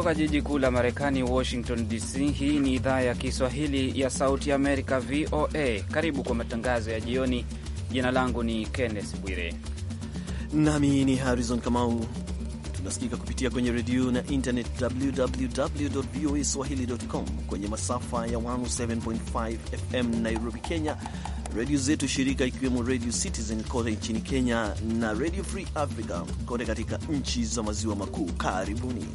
Kutoka jiji kuu la Marekani, Washington DC. Hii ni idhaa ya Kiswahili ya Sauti ya Amerika, VOA. Karibu kwa matangazo ya jioni. Jina langu ni Kenneth Bwire nami ni Harrison Kamau. Tunasikika kupitia kwenye redio na internet, www voa swahili.com, kwenye masafa ya 107.5 FM Nairobi, Kenya, redio zetu shirika ikiwemo Radio Citizen kote nchini Kenya na Radio Free Africa kote katika nchi za maziwa makuu. Karibuni.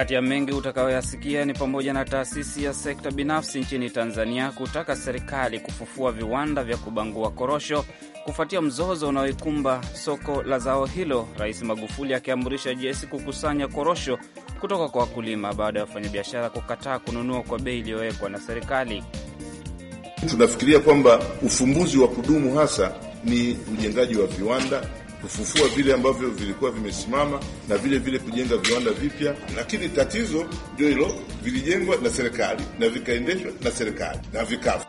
Kati ya mengi utakayoyasikia ni pamoja na taasisi ya sekta binafsi nchini Tanzania kutaka serikali kufufua viwanda vya kubangua korosho kufuatia mzozo unaoikumba soko la zao hilo, Rais Magufuli akiamrisha jesi kukusanya korosho kutoka kwa wakulima baada ya wafanyabiashara kukataa kununua kwa bei iliyowekwa na serikali. Tunafikiria kwamba ufumbuzi wa kudumu hasa ni ujengaji wa viwanda kufufua vile ambavyo vilikuwa vimesimama na vile vile kujenga viwanda vipya. Lakini tatizo ndio hilo, vilijengwa na serikali na vikaendeshwa na serikali na vikafa.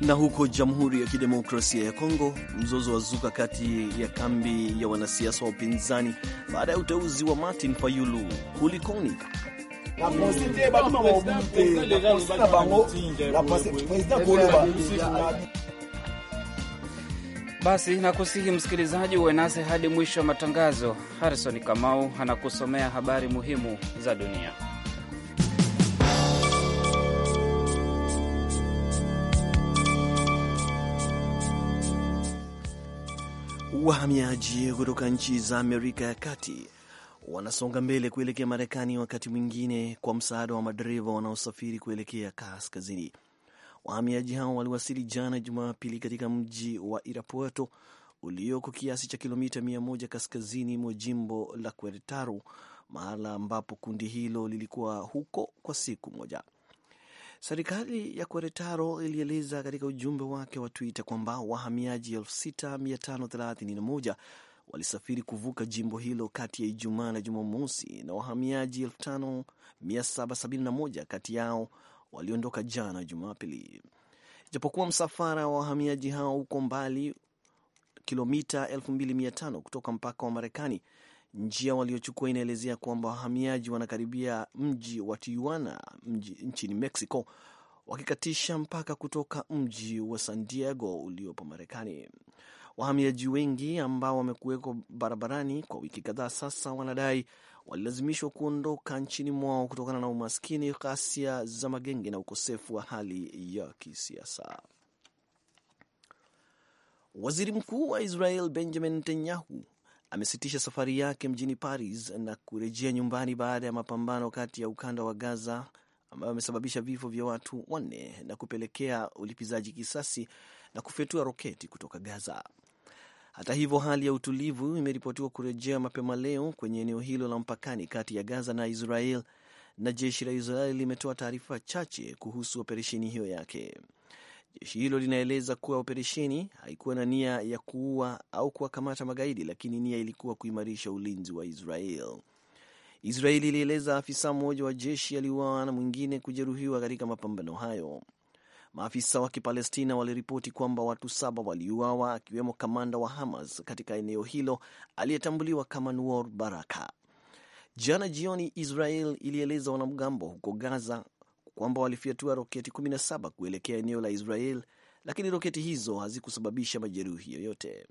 Na huko Jamhuri ya Kidemokrasia ya Kongo, mzozo wa zuka kati ya kambi ya wanasiasa wa upinzani baada ya uteuzi wa Martin Fayulu. Kulikoni? Basi nakusihi msikilizaji, uwe nasi hadi mwisho wa matangazo. Harrison Kamau anakusomea habari muhimu za dunia. Wahamiaji kutoka nchi za Amerika ya Kati wanasonga mbele kuelekea Marekani, wakati mwingine kwa msaada wa madereva wanaosafiri kuelekea kaskazini. Wahamiaji hao waliwasili jana Jumapili katika mji wa Irapuato ulioko kiasi cha kilomita 100 kaskazini mwa jimbo la Queretaro, mahala ambapo kundi hilo lilikuwa huko kwa siku moja. Serikali ya Queretaro ilieleza katika ujumbe wake wa Twitter kwamba wahamiaji 6531 walisafiri kuvuka jimbo hilo kati ya Ijumaa na Jumamosi, na wahamiaji 5771 kati yao waliondoka jana Jumapili. Japokuwa msafara wa wahamiaji hao uko mbali kilomita 2500 kutoka mpaka wa Marekani, njia waliochukua inaelezea kwamba wahamiaji wanakaribia mji wa Tijuana nchini Mexico, wakikatisha mpaka kutoka mji wa San Diego uliopo Marekani. Wahamiaji wengi ambao wamekuwekwa barabarani kwa wiki kadhaa sasa wanadai walilazimishwa kuondoka nchini mwao kutokana na umaskini, ghasia za magenge na ukosefu wa hali ya kisiasa. Waziri Mkuu wa Israel Benjamin Netanyahu amesitisha safari yake mjini Paris na kurejea nyumbani baada ya mapambano kati ya ukanda wa Gaza ambayo amesababisha vifo vya watu wanne na kupelekea ulipizaji kisasi na kufyatua roketi kutoka Gaza. Hata hivyo, hali ya utulivu imeripotiwa kurejea mapema leo kwenye eneo hilo la mpakani kati ya Gaza na Israel, na jeshi la Israel limetoa taarifa chache kuhusu operesheni hiyo yake. Jeshi hilo linaeleza kuwa operesheni haikuwa na nia ya kuua au kuwakamata magaidi, lakini nia ilikuwa kuimarisha ulinzi wa Israel. israel ilieleza afisa mmoja wa jeshi aliuawa na mwingine kujeruhiwa katika mapambano hayo. Maafisa wa Kipalestina waliripoti kwamba watu saba waliuawa akiwemo kamanda wa Hamas katika eneo hilo aliyetambuliwa kama Nuor Baraka. Jana jioni, Israel ilieleza wanamgambo huko Gaza kwamba walifyatua roketi 17 kuelekea eneo la Israel, lakini roketi hizo hazikusababisha majeruhi yoyote.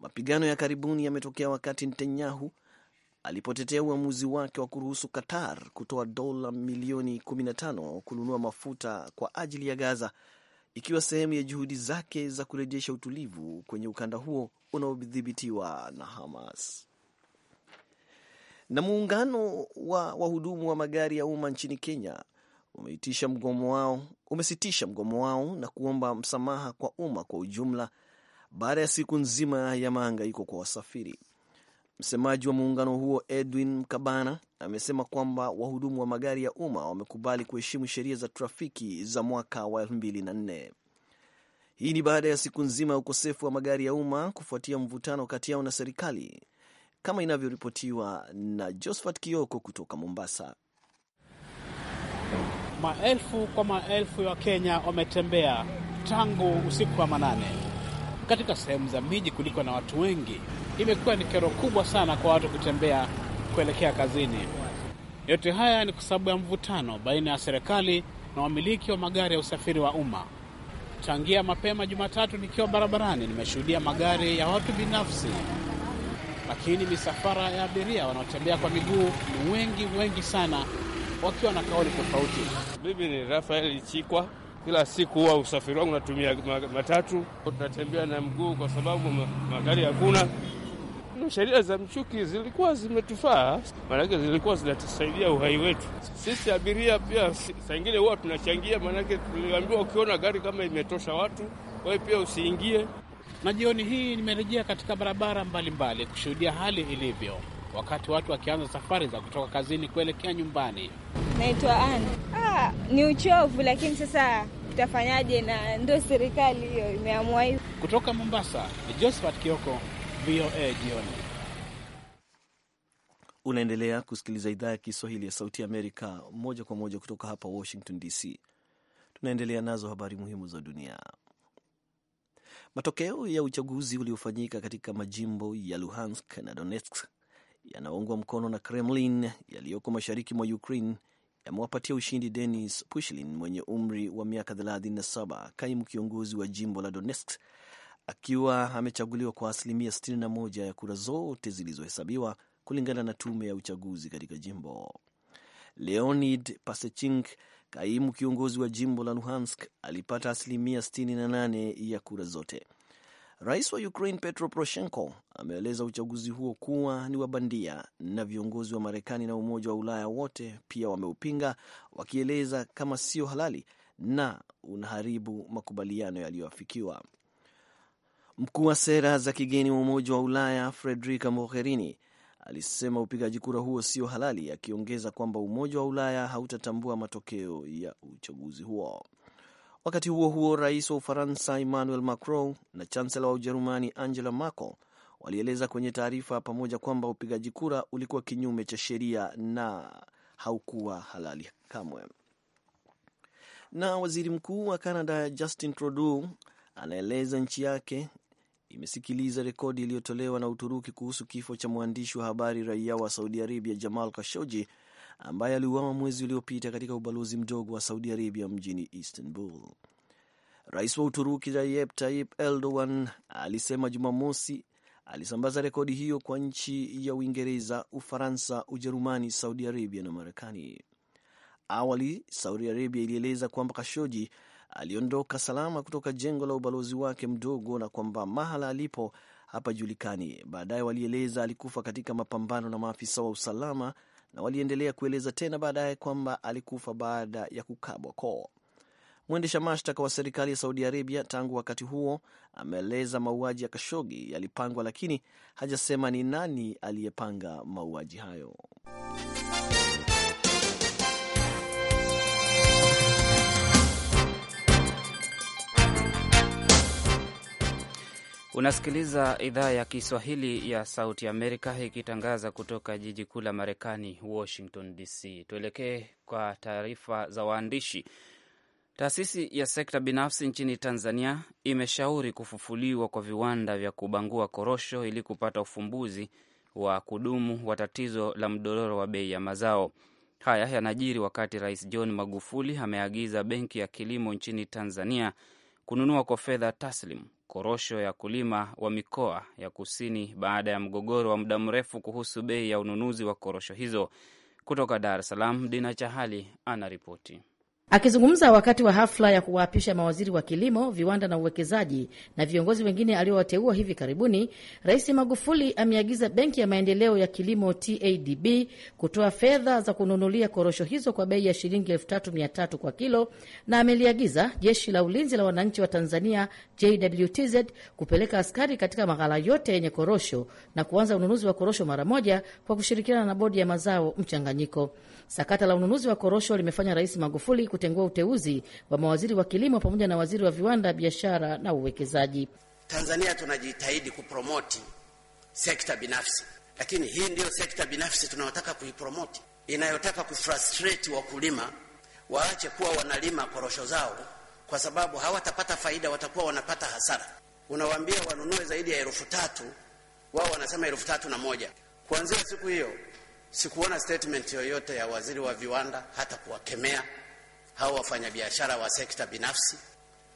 Mapigano ya karibuni yametokea wakati Netanyahu alipotetea uamuzi wake wa kuruhusu Qatar kutoa dola milioni 15 kununua mafuta kwa ajili ya Gaza, ikiwa sehemu ya juhudi zake za kurejesha utulivu kwenye ukanda huo unaodhibitiwa na Hamas. Na muungano wa wahudumu wa magari ya umma nchini Kenya umeitisha mgomo wao, umesitisha mgomo wao na kuomba msamaha kwa umma kwa ujumla baada ya siku nzima ya maangaiko kwa wasafiri. Msemaji wa muungano huo Edwin Mkabana amesema kwamba wahudumu wa magari ya umma wamekubali kuheshimu sheria za trafiki za mwaka wa 2004. Hii ni baada ya siku nzima ya ukosefu wa magari ya umma kufuatia mvutano kati yao na serikali, kama inavyoripotiwa na Josephat Kioko kutoka Mombasa. Maelfu kwa maelfu ya Wakenya wametembea tangu usiku wa manane katika sehemu za miji kuliko na watu wengi imekuwa ni kero kubwa sana kwa watu kutembea kuelekea kazini. Yote haya ni kwa sababu ya mvutano baina ya serikali na wamiliki wa magari ya usafiri wa umma. Tangia mapema Jumatatu nikiwa barabarani, nimeshuhudia magari ya watu binafsi, lakini misafara ya abiria wanaotembea kwa miguu ni wengi wengi sana, wakiwa na kauli tofauti. Mimi ni Rafael Chikwa. Kila siku huwa usafiri wangu natumia matatu, tunatembea na mguu kwa sababu magari hakuna bado sheria za mchuki zilikuwa zimetufaa, maanake zilikuwa zinatusaidia uhai wetu sisi abiria. Pia saa ingine huwa tunachangia, maanake tuliambiwa ukiona gari kama imetosha watu, wewe pia usiingie. Na jioni hii nimerejea katika barabara mbalimbali mbali, kushuhudia hali ilivyo wakati watu wakianza safari za kutoka kazini kuelekea nyumbani. Naitwa Ana. Ah, ni uchovu, lakini sasa tutafanyaje? Na ndo serikali hiyo imeamua hivyo. Kutoka Mombasa ni Josephat Kioko. VOA jioni. Unaendelea kusikiliza idhaa ya Kiswahili ya Sauti ya Amerika moja kwa moja kutoka hapa Washington DC. Tunaendelea nazo habari muhimu za dunia. Matokeo ya uchaguzi uliofanyika katika majimbo ya Luhansk na Donetsk yanaungwa mkono na Kremlin yaliyoko mashariki mwa Ukraine yamewapatia ushindi Denis Pushilin mwenye umri wa miaka 37, kaimu kiongozi wa jimbo la Donetsk akiwa amechaguliwa kwa asilimia 61 ya kura zote zilizohesabiwa kulingana na tume ya uchaguzi katika jimbo. Leonid Pasechink, kaimu kiongozi wa jimbo la Luhansk, alipata asilimia 68 ya kura zote. Rais wa Ukraine Petro Poroshenko ameeleza uchaguzi huo kuwa ni wa bandia, na viongozi wa Marekani na Umoja wa Ulaya wote pia wameupinga, wakieleza kama sio halali na unaharibu makubaliano yaliyoafikiwa. Mkuu wa sera za kigeni wa Umoja wa Ulaya Frederica Mogherini alisema upigaji kura huo sio halali, akiongeza kwamba Umoja wa Ulaya hautatambua matokeo ya uchaguzi huo. Wakati huo huo, rais wa Ufaransa Emmanuel Macron na chansela wa Ujerumani Angela Merkel walieleza kwenye taarifa pamoja kwamba upigaji kura ulikuwa kinyume cha sheria na haukuwa halali kamwe. Na waziri mkuu wa Canada Justin Trudeau anaeleza nchi yake imesikiliza rekodi iliyotolewa na Uturuki kuhusu kifo cha mwandishi wa habari raia wa Saudi Arabia Jamal Khashoggi ambaye aliuawa mwezi uliopita katika ubalozi mdogo wa Saudi Arabia mjini Istanbul. Rais wa Uturuki Recep Tayyip Erdogan alisema Jumamosi alisambaza rekodi hiyo kwa nchi ya Uingereza, Ufaransa, Ujerumani, Saudi Arabia na Marekani. Awali Saudi Arabia ilieleza kwamba Kashoji aliondoka salama kutoka jengo la ubalozi wake mdogo na kwamba mahala alipo hapajulikani. Baadaye walieleza alikufa katika mapambano na maafisa wa usalama, na waliendelea kueleza tena baadaye kwamba alikufa baada ya kukabwa koo. Mwendesha mashtaka wa serikali ya Saudi Arabia tangu wakati huo ameeleza mauaji ya Kashogi yalipangwa, lakini hajasema ni nani aliyepanga mauaji hayo. Unasikiliza idhaa ya Kiswahili ya Sauti Amerika ikitangaza kutoka jiji kuu la Marekani, Washington DC. Tuelekee kwa taarifa za waandishi. Taasisi ya sekta binafsi nchini Tanzania imeshauri kufufuliwa kwa viwanda vya kubangua korosho ili kupata ufumbuzi wa kudumu wa tatizo la mdororo wa bei ya mazao. Haya yanajiri wakati Rais John Magufuli ameagiza Benki ya Kilimo nchini Tanzania kununua kwa fedha taslim korosho ya kulima wa mikoa ya kusini baada ya mgogoro wa muda mrefu kuhusu bei ya ununuzi wa korosho hizo. Kutoka Dar es Salaam, Dina Chahali anaripoti. Akizungumza wakati wa hafla ya kuwaapisha mawaziri wa kilimo, viwanda na uwekezaji na viongozi wengine aliowateua hivi karibuni, Rais Magufuli ameagiza Benki ya Maendeleo ya Kilimo TADB kutoa fedha za kununulia korosho hizo kwa bei ya shilingi 33 kwa kilo, na ameliagiza Jeshi la Ulinzi la Wananchi wa Tanzania JWTZ kupeleka askari katika maghala yote yenye korosho na kuanza ununuzi wa korosho mara moja kwa kushirikiana na Bodi ya Mazao Mchanganyiko. Sakata la ununuzi wa korosho limefanya Rais Magufuli kutengua uteuzi wa mawaziri wa kilimo pamoja na waziri wa viwanda, biashara na uwekezaji. Tanzania tunajitahidi kupromoti sekta binafsi, lakini hii ndiyo sekta binafsi tunayotaka kuipromoti, inayotaka kufrustrate wakulima waache kuwa wanalima korosho zao, kwa sababu hawatapata faida, watakuwa wanapata hasara. Unawaambia wanunue zaidi ya elfu tatu wao wanasema elfu tatu na moja. Kuanzia siku hiyo sikuona statement yoyote ya waziri wa viwanda hata kuwakemea hao wafanyabiashara wa sekta binafsi,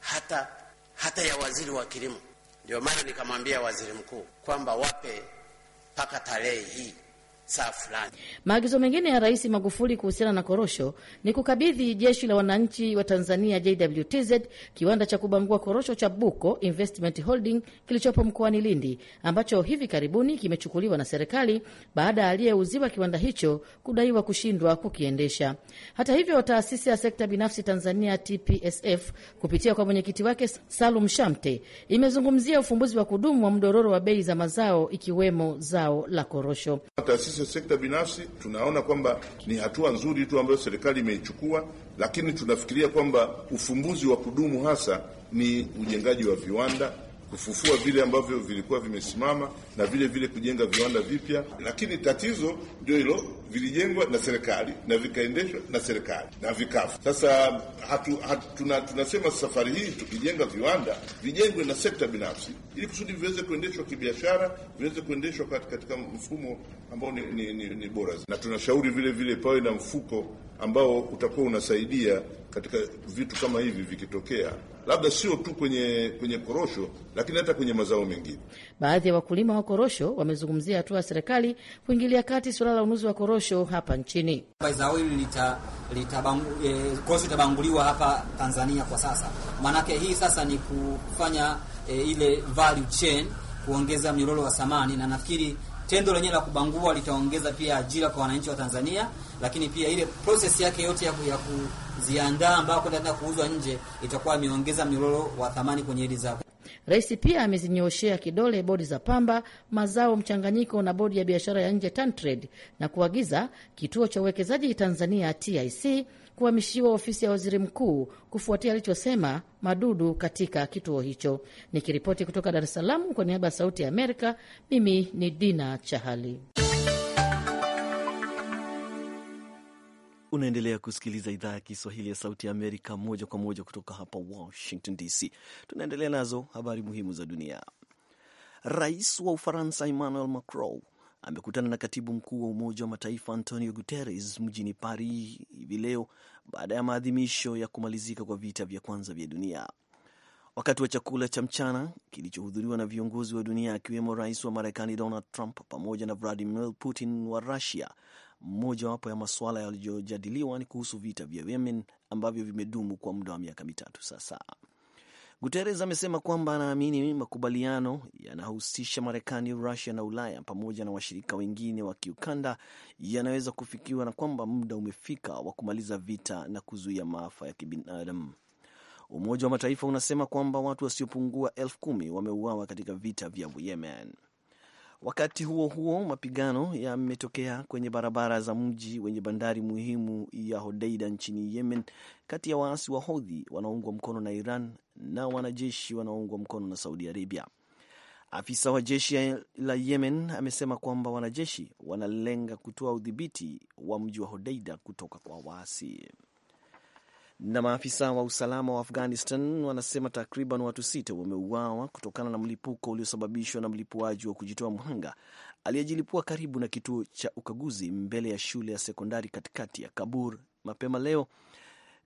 hata hata ya waziri wa kilimo. Ndio maana nikamwambia waziri mkuu kwamba wape mpaka tarehe hii saa fulani. Maagizo mengine ya Rais Magufuli kuhusiana na korosho ni kukabidhi Jeshi la Wananchi wa Tanzania JWTZ kiwanda cha kubangua korosho cha Buko Investment Holding kilichopo mkoani Lindi ambacho hivi karibuni kimechukuliwa na serikali baada ya aliyeuziwa kiwanda hicho kudaiwa kushindwa kukiendesha. Hata hivyo, taasisi ya sekta binafsi Tanzania TPSF kupitia kwa mwenyekiti wake Salum Shamte imezungumzia ufumbuzi wa kudumu wa mdororo wa bei za mazao ikiwemo zao la korosho. Taasisi sisi sekta binafsi tunaona kwamba ni hatua nzuri tu ambayo serikali imeichukua, lakini tunafikiria kwamba ufumbuzi wa kudumu hasa ni ujengaji wa viwanda kufufua vile ambavyo vilikuwa vimesimama na vile vile kujenga viwanda vipya. Lakini tatizo ndio hilo, vilijengwa na serikali na vikaendeshwa na serikali na vikafu Sasa hatu, hatu, tuna, tunasema safari hii tukijenga viwanda vijengwe na sekta binafsi, ili kusudi viweze kuendeshwa kibiashara, viweze kuendeshwa katika mfumo ambao ni, ni, ni, ni bora, na tunashauri vile vile pawe na mfuko ambao utakuwa unasaidia katika vitu kama hivi vikitokea, labda sio tu kwenye kwenye korosho, lakini hata kwenye mazao mengine. Baadhi ya wakulima wa korosho wamezungumzia hatua ya serikali kuingilia kati suala la ununuzi wa korosho hapa nchini. Zao hili lita, lita bangu, eh, korosho itabanguliwa hapa Tanzania kwa sasa, maanake hii sasa ni kufanya e, ile value chain, kuongeza mnyororo wa thamani, na nafikiri tendo lenyewe la kubangua litaongeza pia ajira kwa wananchi wa Tanzania, lakini pia ile process yake yote ya ku ziandaa ambako itaenda kuuzwa nje, itakuwa imeongeza mnyororo wa thamani kwenye hili zao. Rais pia amezinyooshea kidole bodi za pamba, mazao mchanganyiko na bodi ya biashara ya nje TanTrade na kuagiza kituo cha uwekezaji Tanzania TIC kuhamishiwa ofisi ya waziri mkuu kufuatia alichosema madudu katika kituo hicho. Nikiripoti kutoka Dar es Salaam kwa niaba ya Sauti ya Amerika, mimi ni Dina Chahali. Unaendelea kusikiliza idhaa ya Kiswahili ya Sauti ya Amerika moja kwa moja kutoka hapa Washington DC. Tunaendelea nazo habari muhimu za dunia. Rais wa Ufaransa Emmanuel Macron amekutana na katibu mkuu wa Umoja wa Mataifa Antonio Guterres mjini Paris hivi leo baada ya maadhimisho ya kumalizika kwa vita vya kwanza vya dunia. Wakati wa chakula cha mchana kilichohudhuriwa na viongozi wa dunia akiwemo rais wa Marekani Donald Trump pamoja na Vladimir Putin wa Russia Mmojawapo ya masuala yaliyojadiliwa ni kuhusu vita vya Yemen ambavyo vimedumu kwa muda wa miaka mitatu sasa. Guterres amesema kwamba anaamini makubaliano yanahusisha Marekani, Rusia na Ulaya pamoja na washirika wengine wa kiukanda yanaweza kufikiwa na kwamba muda umefika wa kumaliza vita na kuzuia maafa ya kibinadamu. Umoja wa Mataifa unasema kwamba watu wasiopungua elfu kumi wameuawa katika vita vya Yemen. Wakati huo huo, mapigano yametokea kwenye barabara za mji wenye bandari muhimu ya Hodeida nchini Yemen, kati ya waasi wa Hodhi wanaoungwa mkono na Iran na wanajeshi wanaoungwa mkono na Saudi Arabia. Afisa wa jeshi la Yemen amesema kwamba wanajeshi wanalenga kutoa udhibiti wa mji wa Hodeida kutoka kwa waasi. Na maafisa wa usalama wa Afghanistan wanasema takriban watu sita wameuawa kutokana na mlipuko uliosababishwa na mlipuaji wa kujitoa mhanga aliyejilipua karibu na kituo cha ukaguzi mbele ya shule ya sekondari katikati ya Kabul mapema leo,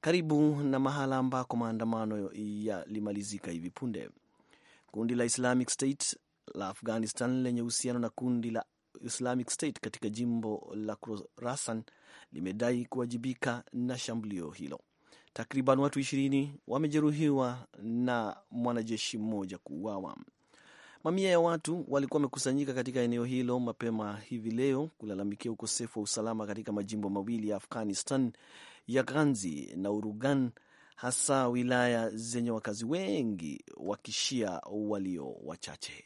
karibu na mahala ambako maandamano yalimalizika hivi punde. Kundi la Islamic State la Afghanistan lenye uhusiano na kundi la Islamic State katika jimbo la Khorasan limedai kuwajibika na shambulio hilo. Takriban watu ishirini wamejeruhiwa na mwanajeshi mmoja kuuawa. Mamia ya watu walikuwa wamekusanyika katika eneo hilo mapema hivi leo kulalamikia ukosefu wa usalama katika majimbo mawili ya Afghanistan ya Ghazni na Urugan, hasa wilaya zenye wakazi wengi wa kishia walio wachache.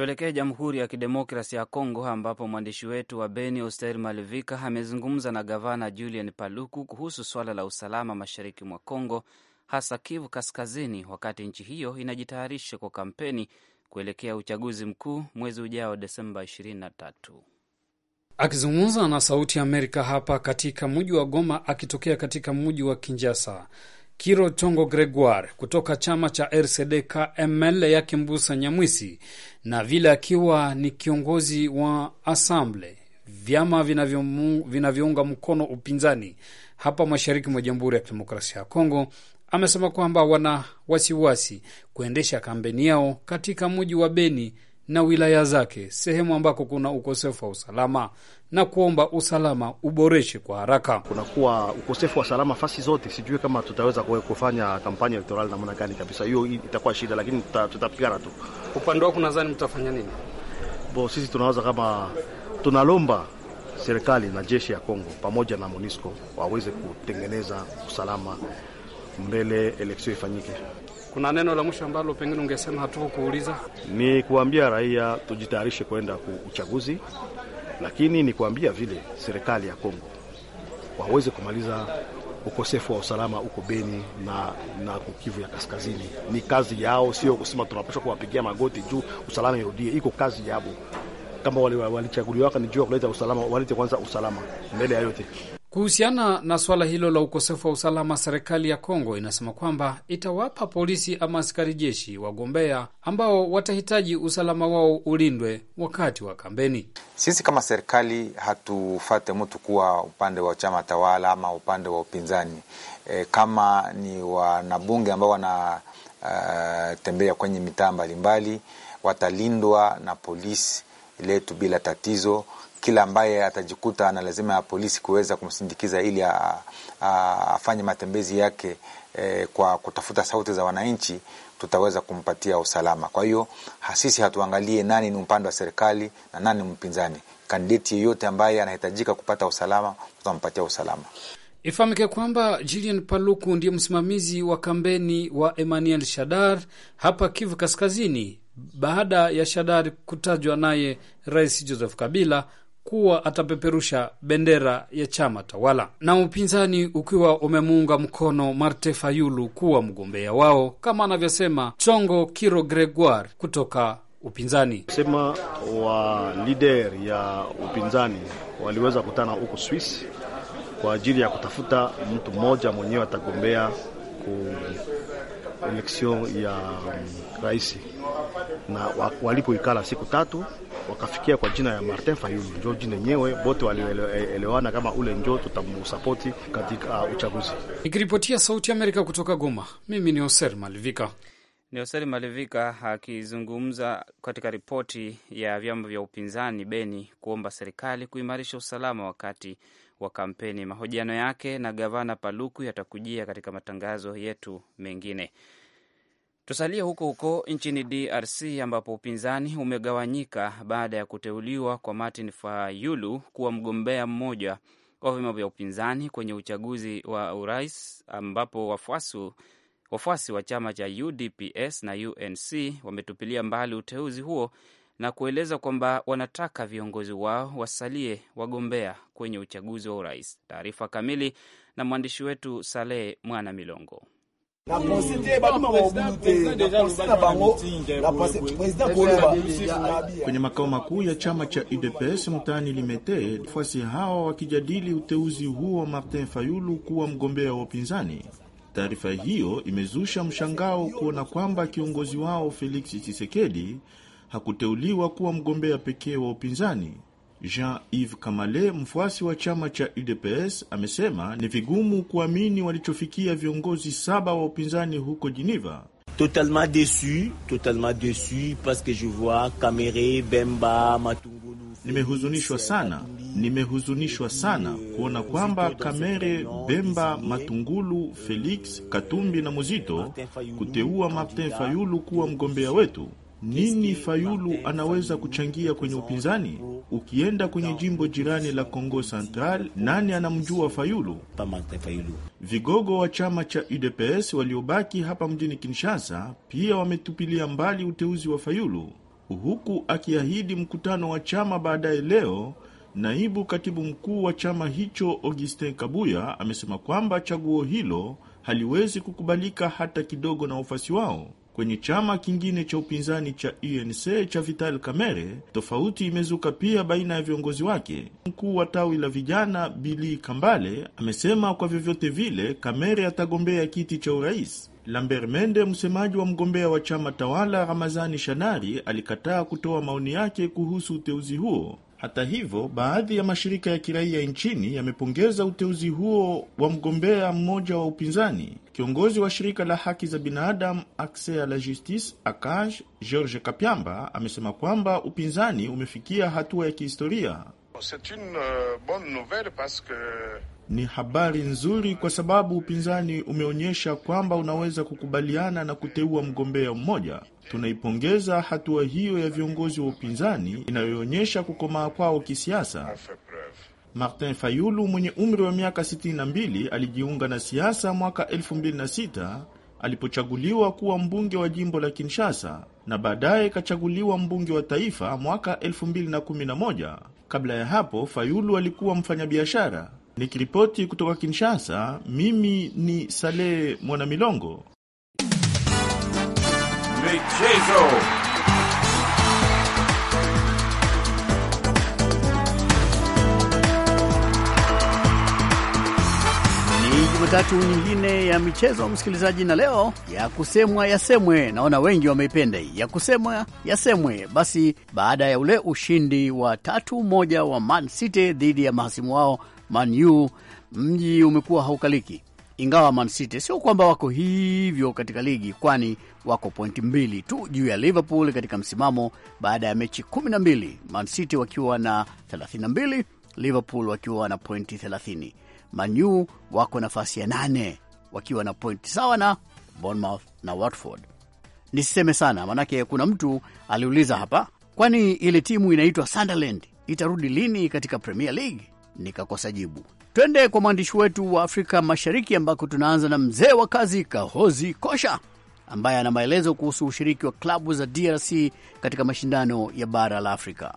Tuelekee Jamhuri ya Kidemokrasi ya Kongo ambapo mwandishi wetu wa Beni Oster Malivika amezungumza na gavana julian Paluku kuhusu swala la usalama mashariki mwa Kongo, hasa Kivu Kaskazini, wakati nchi hiyo inajitayarisha kwa kampeni kuelekea uchaguzi mkuu mwezi ujao Desemba 23. Akizungumza na Sauti ya Amerika hapa katika mji wa Goma akitokea katika mji wa kinjasa Kiro Tongo Gregoire kutoka chama cha RCD ML yake Mbusa Nyamwisi, na vile akiwa ni kiongozi wa asamble vyama vinavyounga vina mkono upinzani hapa mashariki mwa Jamhuri ya Kidemokrasia ya Kongo, amesema kwamba wana wasiwasi kuendesha kampeni yao katika mji wa Beni na wilaya zake, sehemu ambako kuna ukosefu wa usalama na kuomba usalama uboreshe kwa haraka. Kunakuwa ukosefu wa usalama fasi zote, sijui kama tutaweza kufanya kampanya elektorali namna gani kabisa. Hiyo itakuwa shida, lakini tutapigana tu. Upande wako nadhani mtafanya nini? Bo, sisi tunawaza kama tunalomba serikali na jeshi ya Kongo pamoja na MONUSCO waweze kutengeneza usalama mbele eleksion ifanyike. Kuna neno la mwisho ambalo pengine ungesema hatukukuuliza? Ni kuambia raia tujitayarishe kwenda uchaguzi, lakini ni kuambia vile serikali ya Kongo waweze kumaliza ukosefu wa usalama huko Beni na, na Kivu ya Kaskazini. Ni kazi yao, sio kusema tunapaswa kuwapigia magoti juu usalama irudie. Iko kazi yao, kama walichaguliwa wali, wali, juu kanijua kuleta usalama, walete kwanza usalama mbele ya yote. Kuhusiana na suala hilo la ukosefu wa usalama, serikali ya Kongo inasema kwamba itawapa polisi ama askari jeshi wagombea ambao watahitaji usalama wao ulindwe wakati wa kampeni. Sisi kama serikali hatufate mtu kuwa upande wa chama tawala ama upande wa upinzani. E, kama ni wanabunge ambao wanatembea e, uh, kwenye mitaa mbalimbali watalindwa na polisi letu bila tatizo. Kila ambaye atajikuta na lazima ya polisi kuweza kumsindikiza ili afanye matembezi yake e, kwa kutafuta sauti za wananchi, tutaweza kumpatia usalama. Kwa hiyo sisi hatuangalie nani ni upande wa serikali na nani ni mpinzani. Kandidati yeyote ambaye anahitajika kupata usalama, tutampatia usalama. Ifahamike kwamba Julian Paluku ndiye msimamizi wa kampeni wa Emmanuel Shadar hapa Kivu Kaskazini baada ya Shadari kutajwa naye Rais Joseph Kabila kuwa atapeperusha bendera ya chama tawala na upinzani ukiwa umemuunga mkono Marte Fayulu kuwa mgombea wao, kama anavyosema Chongo Kiro Gregoire kutoka upinzani. Sema wa lider ya upinzani waliweza kutana huko Swiss kwa ajili ya kutafuta mtu mmoja mwenyewe atagombea ku eleksion ya um, rais na walipoikala siku tatu wakafikia kwa jina ya Martin Fayulu, njo jina yenyewe bote walioelewana kama ule njo tutamusapoti katika uh, uchaguzi. Nikiripotia Sauti ya Amerika kutoka Goma, mimi ni Oser Malivika. Ni Oser Malivika akizungumza katika ripoti ya vyama vya upinzani Beni kuomba serikali kuimarisha usalama wakati wa kampeni. Mahojiano yake na gavana Paluku yatakujia katika matangazo yetu mengine. Tusalie huko huko nchini DRC ambapo upinzani umegawanyika baada ya kuteuliwa kwa Martin Fayulu kuwa mgombea mmoja wa vyama vya upinzani kwenye uchaguzi wa urais ambapo wafuasi wafuasi wa chama cha UDPS na UNC wametupilia mbali uteuzi huo na kueleza kwamba wanataka viongozi wao wasalie wagombea kwenye uchaguzi wa urais. Taarifa kamili na mwandishi wetu Saleh Mwana Milongo kwenye makao makuu ya chama cha UDPS mtaani Limete. Wafuasi hawa wakijadili uteuzi huo Martin Fayulu kuwa mgombea wa upinzani. Taarifa hiyo imezusha mshangao kuona kwamba kiongozi wao Felix Tshisekedi hakuteuliwa kuwa mgombea pekee wa upinzani Jean-Yves Kamale, mfuasi wa chama cha UDPS, amesema ni vigumu kuamini walichofikia viongozi saba wa upinzani huko Geneva. Totalement totalement parce que je vois Kamere, Bemba, Matungulu. Nimehuzunishwa sana, nimehuzunishwa sana kuona kwamba Kamere, Bemba, Matungulu, Felix Katumbi na Muzito kuteua Martin Fayulu kuwa mgombea wetu. Nini Fayulu anaweza kuchangia kwenye upinzani? Ukienda kwenye jimbo jirani la congo Central, nani anamjua Fayulu? Vigogo wa chama cha UDPS waliobaki hapa mjini Kinshasa pia wametupilia mbali uteuzi wa Fayulu, huku akiahidi mkutano wa chama baadaye leo. Naibu katibu mkuu wa chama hicho Augustin Kabuya amesema kwamba chaguo hilo haliwezi kukubalika hata kidogo na wafuasi wao kwenye chama kingine cha upinzani cha UNC e cha Vital Kamerhe. Tofauti imezuka pia baina ya viongozi wake. Mkuu wa tawi la vijana Bili Kambale amesema kwa vyovyote vile Kamerhe atagombea kiti cha urais. Lambert Mende, msemaji wa mgombea wa chama tawala Ramazani Shanari, alikataa kutoa maoni yake kuhusu uteuzi huo. Hata hivyo, baadhi ya mashirika ya kiraia nchini yamepongeza uteuzi huo wa mgombea mmoja wa upinzani. Kiongozi wa shirika la haki za binadamu Access à la Justice ACAJ, George Kapyamba amesema kwamba upinzani umefikia hatua ya kihistoria. C'est une euh, bonne nouvelle parce que ni habari nzuri kwa sababu upinzani umeonyesha kwamba unaweza kukubaliana na kuteua mgombea mmoja. Tunaipongeza hatua hiyo ya viongozi wa upinzani inayoonyesha kukomaa kwao kisiasa. Martin Fayulu mwenye umri wa miaka 62 alijiunga na siasa mwaka 2006 alipochaguliwa kuwa mbunge wa jimbo la Kinshasa na baadaye kachaguliwa mbunge wa taifa mwaka 2011. Kabla ya hapo, Fayulu alikuwa mfanyabiashara. Nikiripoti kutoka Kinshasa, mimi ni Saleh Mwanamilongo. Michezo. Jumatatu nyingine ya michezo msikilizaji, na leo ya kusemwa yasemwe. Naona wengi wameipenda hii ya kusemwa yasemwe. Basi baada ya ule ushindi wa tatu moja wa Man City dhidi ya mahasimu wao Man U mji umekuwa haukaliki, ingawa Man City sio kwamba wako hivyo katika ligi, kwani wako pointi mbili tu juu ya Liverpool katika msimamo baada ya mechi 12, Man City wakiwa na 32, Liverpool wakiwa na pointi 30. Man U wako nafasi ya nane wakiwa na pointi sawa na Bournemouth na Watford. Nisiseme sana, manake kuna mtu aliuliza hapa, kwani ile timu inaitwa Sunderland itarudi lini katika Premier League? nikakosa jibu. Twende kwa mwandishi wetu wa Afrika Mashariki, ambako tunaanza na mzee wa kazi Kahozi Kosha ambaye ana maelezo kuhusu ushiriki wa klabu za DRC katika mashindano ya bara la Afrika.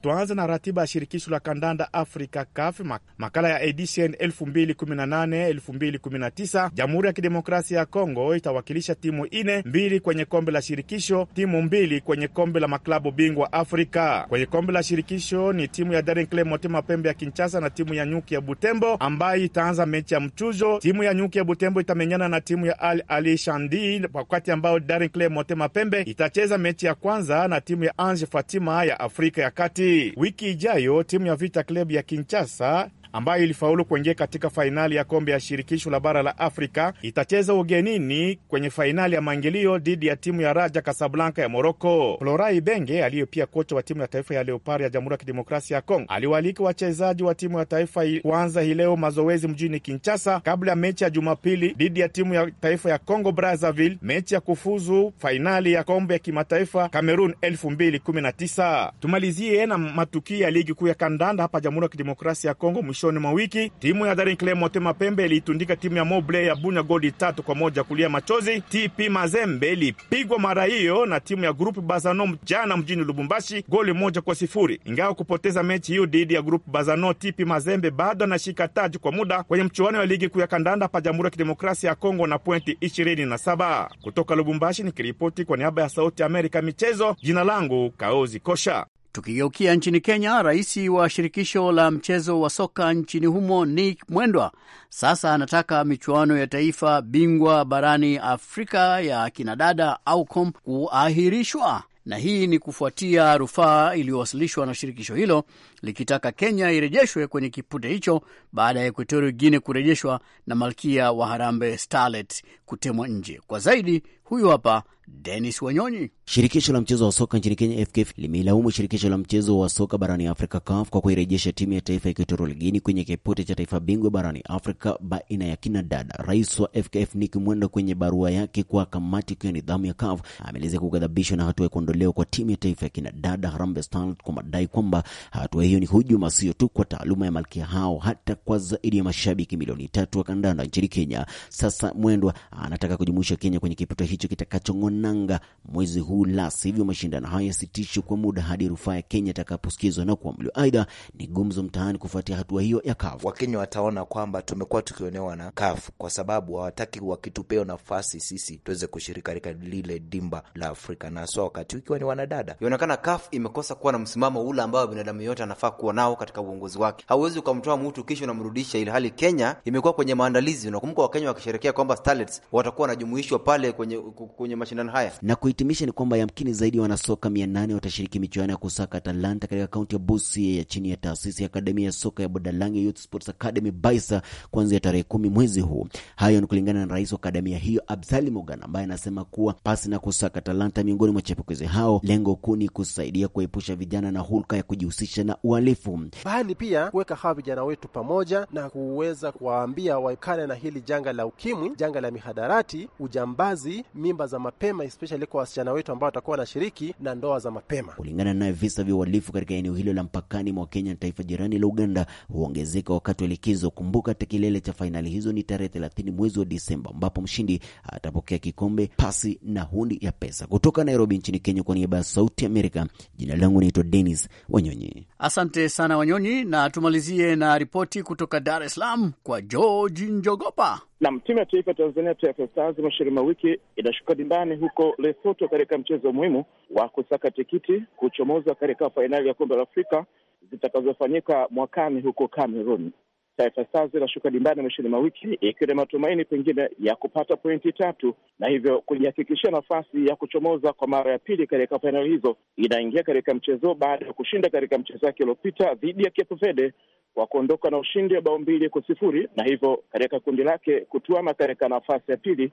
Tuanze na ratiba ya shirikisho la kandanda Afrika CAF, makala ya edition 2018 2019. Jamhuri ya Kidemokrasia ya Kongo itawakilisha timu ine, mbili kwenye kombe la shirikisho, timu mbili kwenye kombe la maklabu bingwa Afrika. Kwenye kombe la shirikisho ni timu ya Daring Club Motema Pembe ya Kinshasa na timu ya Nyuki ya Butembo ambayo itaanza mechi ya mchujo. Timu ya Nyuki ya Butembo itamenyana na timu ya Al Ali Shandi, wakati ambao Daring Club Motema Pembe itacheza mechi ya kwanza na timu ya Ange Fatima ya Afrika ya Kati kati. Wiki ijayo timu ya Vita Club ya Kinshasa ambayo ilifaulu kuingia katika fainali ya kombe ya shirikisho la bara la Afrika itacheza ugenini kwenye fainali ya maingilio dhidi ya timu ya Raja Kasablanka ya Moroko. Florai Benge aliyo pia kocha wa timu ya taifa ya leopar ya Jamhuri ya Kidemokrasia ya Kongo aliwaalika wachezaji wa timu ya taifa kuanza hii leo mazoezi mjini Kinshasa kabla ya mechi ya Jumapili dhidi ya timu ya taifa ya Congo Brazzaville, mechi ya kufuzu fainali ya kombe ya kimataifa Cameroon 2019. Tumalizie na matukio ya ligi kuu ya kandanda hapa Jamhuri ya Kidemokrasia ya Kongo mwisho mwishoni mwa wiki timu ya Daring Club Motema Pembe iliitundika timu ya Mobley ya Bunya goli tatu kwa moja kulia machozi. TP Mazembe ilipigwa mara hiyo na timu ya Grupu Bazano jana mjini Lubumbashi goli moja kwa sifuri. Ingawa kupoteza mechi hiyo dhidi ya Grupu Bazano, TP Mazembe bado anashika taji kwa muda kwenye mchuano wa ligi kuu ya kandanda pa Jamhuri ya Kidemokrasia ya Kongo na pointi 27. Kutoka Lubumbashi nikiripoti kwa niaba ya Sauti ya Amerika michezo, jina langu Kaozi Kosha. Tukigeukia nchini Kenya, rais wa shirikisho la mchezo wa soka nchini humo Nick Mwendwa sasa anataka michuano ya taifa bingwa barani Afrika ya kinadada AUCOM kuahirishwa na hii ni kufuatia rufaa iliyowasilishwa na shirikisho hilo likitaka Kenya irejeshwe kwenye kipute hicho baada ya Equatorial Guine kurejeshwa na malkia wa Harambee Starlet kutemwa nje. Kwa zaidi, huyu hapa Denis Wanyonyi. Shirikisho la mchezo wa soka nchini Kenya, FKF, limeilaumu shirikisho la mchezo wa soka barani Afrika, CAF, kwa kuirejesha timu ya taifa ya Equatorial Guinea kwenye kipute cha taifa bingwa barani Afrika baina ya dada. Rais wa FKF Nick Mwenda, kwenye barua yake kwa kamati kuu ya nidhamu ya CAF, ameelezea kughadhabishwa na hatua ya kuondolewa kwa timu ya taifa ya dada Harambee Starlet kwa madai kwamba hatua hiyo ni hujuma sio tu kwa taaluma ya malkia hao, hata kwa zaidi ya mashabiki milioni tatu wa kandanda nchini Kenya. Sasa Mwendwa anataka kujumuisha Kenya kwenye kipato hicho kitakachong'onanga mwezi huu, la sivyo mashindano hayo yasitishwe kwa muda hadi rufaa ya Kenya itakaposikizwa na kuamuliwa. Aidha ni gumzo mtaani kufuatia hatua hiyo ya kafu. Wakenya wataona kwamba tumekuwa tukionewa na kafu kwa sababu hawataki wakitupea nafasi sisi tuweze kushiriki katika lile dimba la Afrika na so wakati ukiwa ni wanadada, inaonekana kafu imekosa kuwa na msimamo ule ambao binadamu yote ana anafaa kuwa nao katika uongozi wake. Hauwezi ukamtoa mtu kisha unamrudisha, ili hali Kenya imekuwa kwenye maandalizi. Unakumbuka Wakenya wakisherekea kwamba starlets watakuwa wanajumuishwa pale kwenye, kwenye mashindano haya. Na kuhitimisha ni kwamba yamkini zaidi wanasoka mia nane watashiriki michuano ya kusaka talanta katika kaunti ya Busia ya chini ya taasisi ya akademia ya soka ya Budalangi Youth Sports Academy Baisa kuanzia tarehe kumi mwezi huu. Hayo ni kulingana na rais wa akademia hiyo Abdali Mogan ambaye anasema kuwa pasi na kusaka talanta miongoni mwa chepukizi hao, lengo kuu ni kusaidia kuepusha vijana na hulka ya kujihusisha na uhalifu, bali pia kuweka hawa vijana wetu pamoja na kuweza kuwaambia waekane na hili janga la ukimwi, janga la mihadarati, ujambazi, mimba za mapema, especially kwa wasichana wetu ambao watakuwa wanashiriki na ndoa za mapema. Kulingana naye visa vya uhalifu katika eneo hilo la mpakani mwa Kenya na taifa jirani la Uganda huongezeka wakati wa likizo. Kumbuka hata kilele cha fainali hizo ni tarehe 30 mwezi wa Disemba, ambapo mshindi atapokea kikombe, pasi na hundi ya pesa. Kutoka Nairobi nchini Kenya, kwa niaba ya Sauti Amerika, jina langu naitwa denis Wanyonyi. Asante sana Wanyonyi, na tumalizie na ripoti kutoka Dar es Salaam kwa George Njogopa. Nam, timu ya taifa Tanzania, Taifa Stars, mwishoni mwa wiki inashuka dimbani huko Lesoto katika mchezo muhimu wa kusaka tikiti kuchomoza katika fainali ya kombe la Afrika zitakazofanyika mwakani huko Cameroon. Taifa Stars inashuka dimbani mwishoni mwa wiki ikiwa na matumaini pengine ya kupata pointi tatu na hivyo kujihakikishia nafasi ya kuchomoza kwa mara ya pili katika fainali hizo. Inaingia katika mchezo baada ya kushinda katika mchezo wake uliopita dhidi ya Cape Verde kwa kuondoka na ushindi wa bao mbili kwa sifuri na hivyo katika kundi lake kutuama katika nafasi ya pili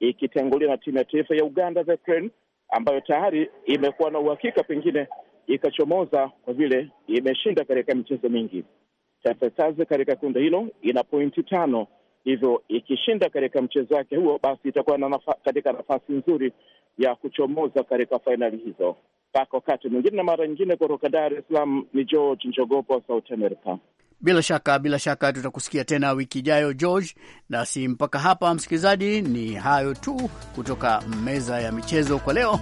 ikitangulia na timu ya taifa ya Uganda the Cranes ambayo tayari imekuwa na uhakika pengine ikachomoza kwa vile imeshinda katika michezo mingi. Taifa Stars katika kundi hilo ina pointi tano, hivyo ikishinda katika mchezo wake huo, basi itakuwa na nafa, katika nafasi nzuri ya kuchomoza katika fainali hizo. Mpaka wakati mwingine na mara nyingine, kutoka Dar es Salaam ni George Njogopa, Sauti Amerika. Bila shaka bila shaka tutakusikia tena wiki ijayo George. Nasi mpaka hapa, msikilizaji, ni hayo tu kutoka meza ya michezo kwa leo.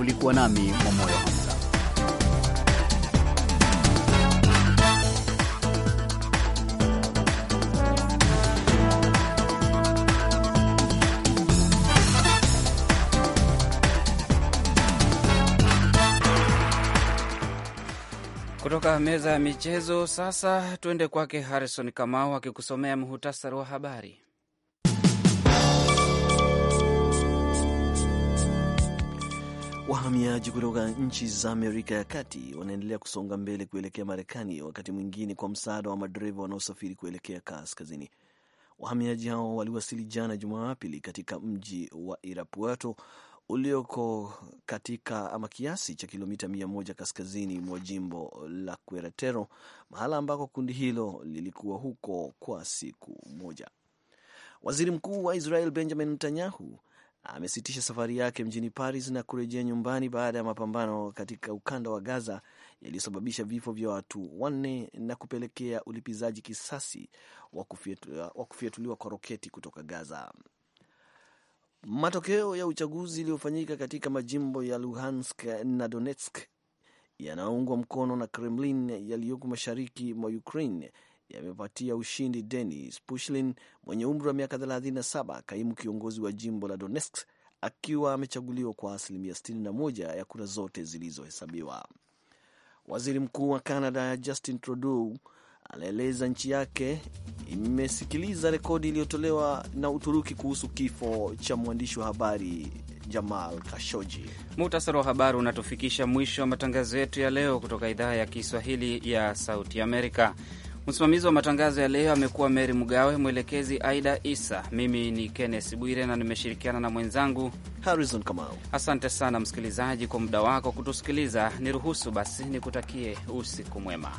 Ulikuwa nami Mwamoyo. kutoka meza ya michezo. Sasa tuende kwake Harrison Kamau akikusomea muhutasari wa habari. Wahamiaji kutoka nchi za Amerika ya Kati wanaendelea kusonga mbele kuelekea Marekani, wakati mwingine kwa msaada wa madereva wanaosafiri kuelekea kaskazini. Wahamiaji hao waliwasili jana Jumapili katika mji wa Irapuato ulioko katika ama kiasi cha kilomita mia moja kaskazini mwa jimbo la Queretaro, mahala ambako kundi hilo lilikuwa huko kwa siku moja. Waziri Mkuu wa Israel Benjamin Netanyahu amesitisha safari yake mjini Paris na kurejea nyumbani baada ya mapambano katika ukanda wa Gaza yaliyosababisha vifo vya watu wanne na kupelekea ulipizaji kisasi wa kufyatuliwa kwa roketi kutoka Gaza. Matokeo ya uchaguzi iliyofanyika katika majimbo ya Luhansk na Donetsk yanayoungwa mkono na Kremlin yaliyoko mashariki mwa Ukraine yamepatia ushindi Denis Pushlin mwenye umri wa miaka 37, kaimu kiongozi wa jimbo la Donetsk, akiwa amechaguliwa kwa asilimia 61 ya kura zote zilizohesabiwa. Waziri Mkuu wa Canada Justin Trudeau anaeleza nchi yake imesikiliza rekodi iliyotolewa na Uturuki kuhusu kifo cha mwandishi wa habari Jamal Kashoji. Muhtasari wa habari unatufikisha mwisho wa matangazo yetu ya leo kutoka idhaa ya Kiswahili ya Sauti Amerika. Msimamizi wa matangazo ya leo amekuwa Meri Mgawe, mwelekezi Aida Isa. Mimi ni Kenneth Bwire na nimeshirikiana na mwenzangu Harrison Kamau. Asante sana msikilizaji kwa muda wako kutusikiliza. Niruhusu basi nikutakie usiku mwema.